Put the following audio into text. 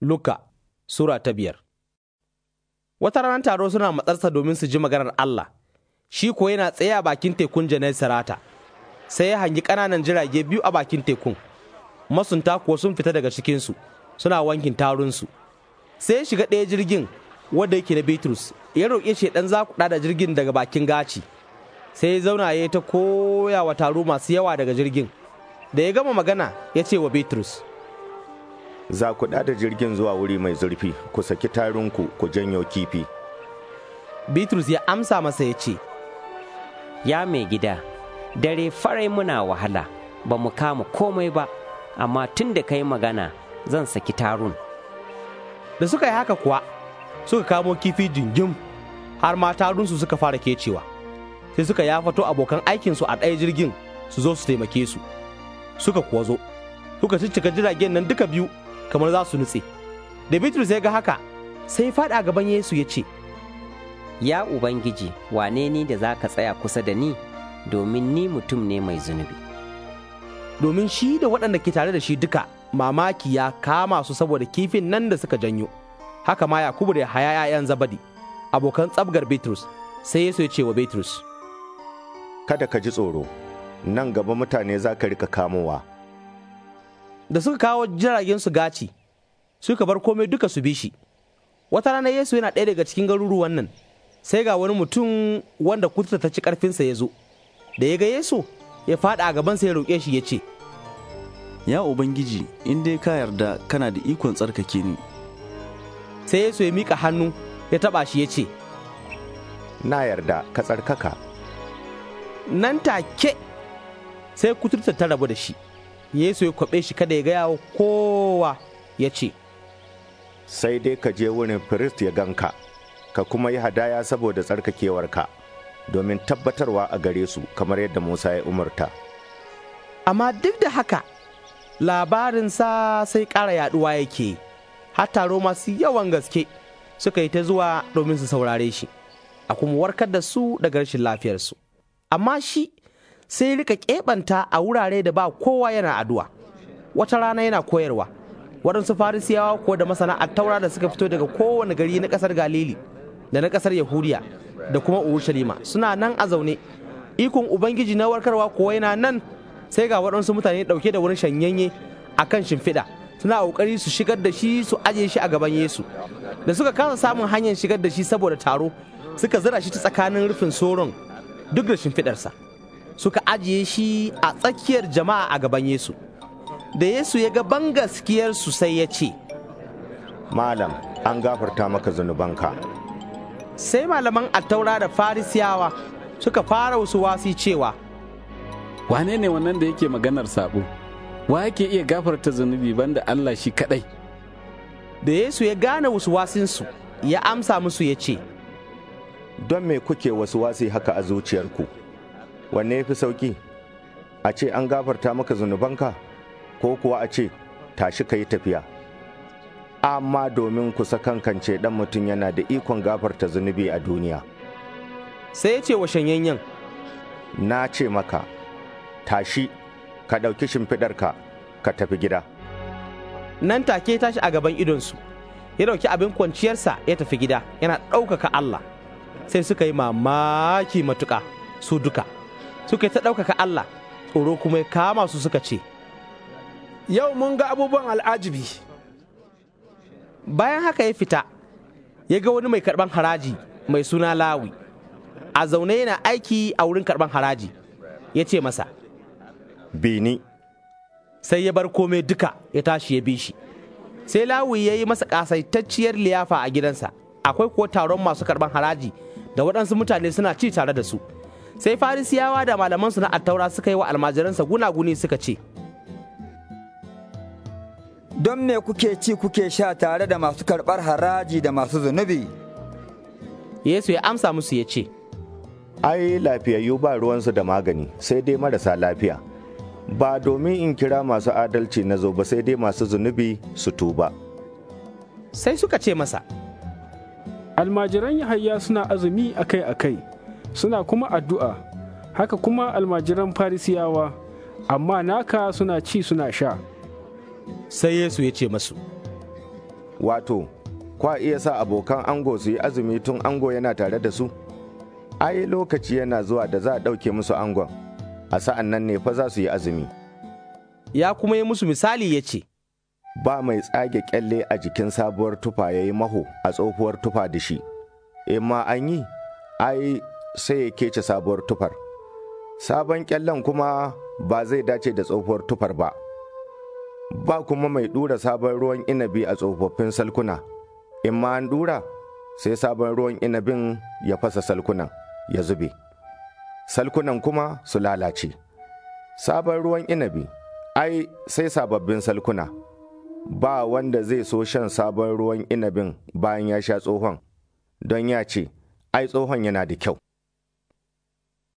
Luka Sura ta biyar Wata ranar taro suna matsarsa domin su ji maganar Allah, shi ko yana tsaye a bakin tekun Sarata, sai ya hangi ƙananan jirage biyu a bakin tekun, masunta kuwa sun fita daga cikinsu suna wankin tarunsu. Sai ya shiga ɗaya jirgin wanda yake na Bitrus, ya roƙe shi ɗan zakuɗa da jirgin daga bakin gaci, sai ya zauna ya ta koya wa taro masu yawa daga jirgin. Da ya gama magana ya ce wa Bitrus, za ku da jirgin zuwa wuri mai zurfi ku saki tarinku ku janyo kifi bitrus ya amsa masa ya ce ya mai gida dare farai muna wahala ba mu kama komai ba amma tun da ka yi magana zan saki tarun da suka yi haka kuwa suka kamo kifi jingim har ma tarunsu suka fara kecewa sai suka yafato abokan aikinsu a ɗaya jirgin su zo su taimake su suka kuwa zo suka ciccika jiragen nan duka biyu kamar za su nutse da bitrus ya ga haka sai faɗa gaban yesu ya ce ya ubangiji wane ni da za ka tsaya kusa da ni domin ni mutum ne mai zunubi domin shi da waɗanda ke tare da shi duka mamaki ya kama su saboda kifin nan da suka janyo haka ma yakubu da haya 'ya'yan zabadi abokan tsabgar bitrus sai yesu ya ce wa bitrus kada ka ji tsoro nan gaba mutane za ka rika kamowa da suka kawo jiragen su gaci suka bar komai duka su bi shi wata rana yesu yana ɗaya daga cikin garuruwan nan sai ga wani mutum wanda kuta ta ci ƙarfinsa ya zo da ya ga yesu ya faɗa a gabansa ya roƙe shi ya ce ya ubangiji in dai ka yarda kana da ikon tsarkake ni sai yesu ya mika hannu ya taɓa shi ya ce na yarda ka tsarkaka nan take sai kuturta ta rabu da shi Yesu ya kwaɓe shi kada ya gaya wa kowa ya ce, Sai dai ka je wurin firist ya ganka, ka kuma yi hadaya saboda tsarkakewarka, domin tabbatarwa a gare su kamar yadda Musa ya umarta. Amma duk da haka, labarinsa sai ƙara yaɗuwa yake, taro masu yawan gaske suka yi ta zuwa domin su saurare shi, a kuma warkar da su daga rashin lafiyarsu. Amma shi sai rika kebanta a wurare da ba kowa yana addu'a wata rana yana koyarwa waɗansu farisiyawa ko da masana taura da suka fito daga kowane gari na ƙasar galili da na ƙasar yahudiya da kuma urushalima suna nan a zaune ikon ubangiji na warkarwa kuwa yana nan sai ga waɗansu mutane ɗauke da wani shanyanye a kan shimfiɗa suna ƙoƙari su shigar da shi su aje shi a gaban yesu da suka kasa samun hanyar shigar da shi saboda taro suka zira shi ta tsakanin rufin soron duk da shimfiɗarsa suka ajiye shi a tsakiyar jama'a a gaban Yesu. Da Yesu ya ga ban gaskiyarsu sai ya ce, Malam, an gafarta maka zunubanka. Sai malaman attaura da farisiyawa suka fara wasu wasi cewa, Wane ne wannan da yake maganar sabo? Wa yake iya gafarta zunubi banda Allah shi kaɗai? Da Yesu ya gane wasu wasinsu, ya amsa musu ya ce, Don me kuke wasu wasi haka a zuciyarku? wanne ya fi sauƙi a ce an gafarta maka zunubanka ko kuwa a ce tashi ka yi tafiya amma domin kusa kankance ɗan mutum yana da ikon gafarta zunubi a duniya sai ya ce wa shanyanyan na ce maka tashi ka ɗauki shimfiɗarka ka tafi gida nan take tashi a gaban idonsu ya ɗauki abin kwanciyarsa ya tafi gida yana ɗaukaka Allah sai suka yi mamaki matuka su duka. suka yi ta ɗaukaka Allah tsoro kuma ya kama su suka ce yau mun ga abubuwan al'ajibi bayan haka ya fita ya ga wani mai karɓan haraji mai suna lawi a zaune yana aiki a wurin karɓan haraji ya ce masa bini sai ya bar komai duka ya tashi ya bi shi sai lawi ya yi masa ƙasaitacciyar liyafa a gidansa akwai kuwa taron masu karɓan haraji da waɗansu mutane suna ci tare da su sai farisiyawa da malamansu na attaura suka yi wa almajiransa gunaguni suka ce don me kuke ci kuke sha tare da masu karɓar haraji da masu zunubi yesu ya amsa musu ya ce ai lafiyayyu ba ruwansu da magani sai dai marasa lafiya ba domin in kira masu adalci na zo ba sai dai masu zunubi su tuba sai suka ce masa almajiran yahaya suna azumi akai-akai suna kuma addu'a haka kuma almajiran farisiyawa amma naka suna ci suna sha sai yesu ya ce masu wato kwa iya sa abokan ango su yi azumi tun ango yana tare da su ai lokaci yana zuwa da za a ɗauke musu angon a sa'an nan ne fa za su yi azumi ya kuma yi musu misali ya ce ba mai tsage kyalle a jikin sabuwar tufa ya yi maho a tsohuwar tufa da shi in e ma an yi ai sai ya kece sabuwar tufar sabon kyallen kuma ba zai dace da tsohuwar tufar ba ba kuma mai ɗura sabon ruwan inabi a tsofaffin salkuna in ma an ɗura sai sabon ruwan inabin ya fasa salkunan ya zube salkunan kuma su lalace sabon ruwan inabi ai sai sababbin salkuna ba wanda zai so shan sabon ruwan inabin bayan ya sha tsohon don ya ce ai tsohon yana da kyau